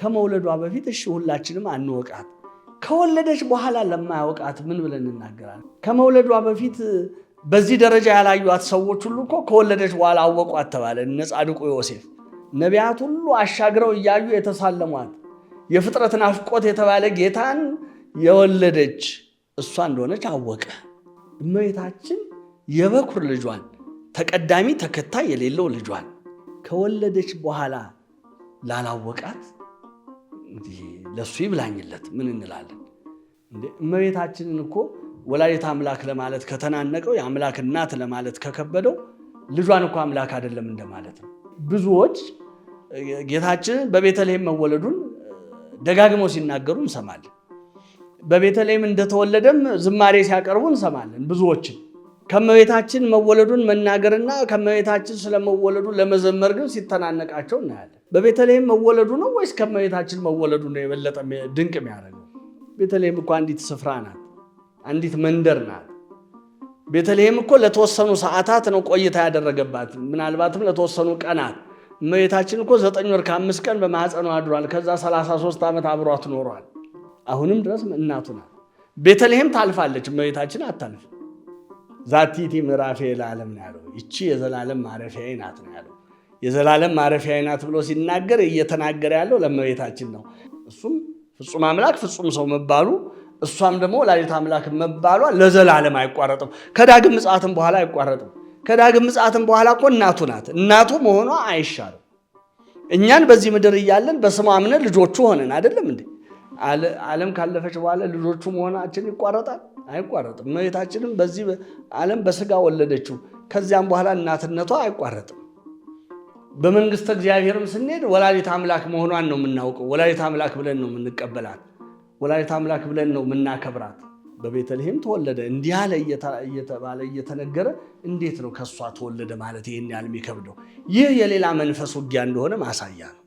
ከመውለዷ በፊት እሺ ሁላችንም አንወቃት። ከወለደች በኋላ ለማያወቃት ምን ብለን እናገራለን? ከመውለዷ በፊት በዚህ ደረጃ ያላዩት ሰዎች ሁሉ እኮ ከወለደች በኋላ አወቋት ተባለ። እነ ጻድቁ ዮሴፍ፣ ነቢያት ሁሉ አሻግረው እያዩ የተሳለሟት የፍጥረት ናፍቆት የተባለ ጌታን የወለደች እሷ እንደሆነች አወቀ። እመቤታችን የበኩር ልጇን ተቀዳሚ ተከታይ የሌለው ልጇን ከወለደች በኋላ ላላወቃት ለእሱ ይብላኝለት ምን እንላለን? እመቤታችንን እኮ ወላዲት አምላክ ለማለት ከተናነቀው የአምላክ እናት ለማለት ከከበደው ልጇን እኮ አምላክ አይደለም እንደማለት ነው። ብዙዎች ጌታችንን በቤተልሔም መወለዱን ደጋግመው ሲናገሩ እንሰማለን። በቤተልሔም እንደተወለደም ዝማሬ ሲያቀርቡ እንሰማለን። ብዙዎችን ከእመቤታችን መወለዱን መናገርና ከእመቤታችን ስለመወለዱ ለመዘመር ግን ሲተናነቃቸው እናያለን። በቤተልሔም መወለዱ ነው ወይስ ከመቤታችን መወለዱ ነው የበለጠ ድንቅ የሚያደርገው? ቤተልሔም እኮ አንዲት ስፍራ ናት፣ አንዲት መንደር ናት። ቤተልሔም እኮ ለተወሰኑ ሰዓታት ነው ቆይታ ያደረገባት፣ ምናልባትም ለተወሰኑ ቀናት። እመቤታችን እኮ ዘጠኝ ወር ከአምስት ቀን በማፀኑ አድሯል። ከዛ 33 ዓመት አብሯት ኖሯል። አሁንም ድረስ እናቱ ናት። ቤተልሔም ታልፋለች፣ እመቤታችን አታልፍ። ዛቲቲ ምዕራፌ ለዓለም ነው ያለው። ይቺ የዘላለም ማረፊያ ናት ነው ያለው። የዘላለም ማረፊያ ናት ብሎ ሲናገር እየተናገረ ያለው ለእመቤታችን ነው። እሱም ፍጹም አምላክ ፍጹም ሰው መባሉ እሷም ደግሞ ወላዲተ አምላክ መባሏ ለዘላለም አይቋረጥም። ከዳግም ምጽአትም በኋላ አይቋረጥም። ከዳግም ምጽአትም በኋላ እኮ እናቱ ናት። እናቱ መሆኗ አይሻልም። እኛን በዚህ ምድር እያለን በስሟ አምነን ልጆቹ ሆነን አይደለም እንዴ? ዓለም ካለፈች በኋላ ልጆቹ መሆናችን ይቋረጣል? አይቋረጥም። እመቤታችንም በዚህ ዓለም በስጋ ወለደችው። ከዚያም በኋላ እናትነቷ አይቋረጥም። በመንግስተ እግዚአብሔርም ስንሄድ ወላዲት አምላክ መሆኗን ነው የምናውቀው። ወላዲት አምላክ ብለን ነው የምንቀበላት። ወላዲት አምላክ ብለን ነው የምናከብራት። በቤተልሔም ተወለደ እንዲህ አለ እየተባለ እየተነገረ እንዴት ነው ከእሷ ተወለደ ማለት ይህን ያህል የሚከብደው? ይህ የሌላ መንፈስ ውጊያ እንደሆነ ማሳያ ነው።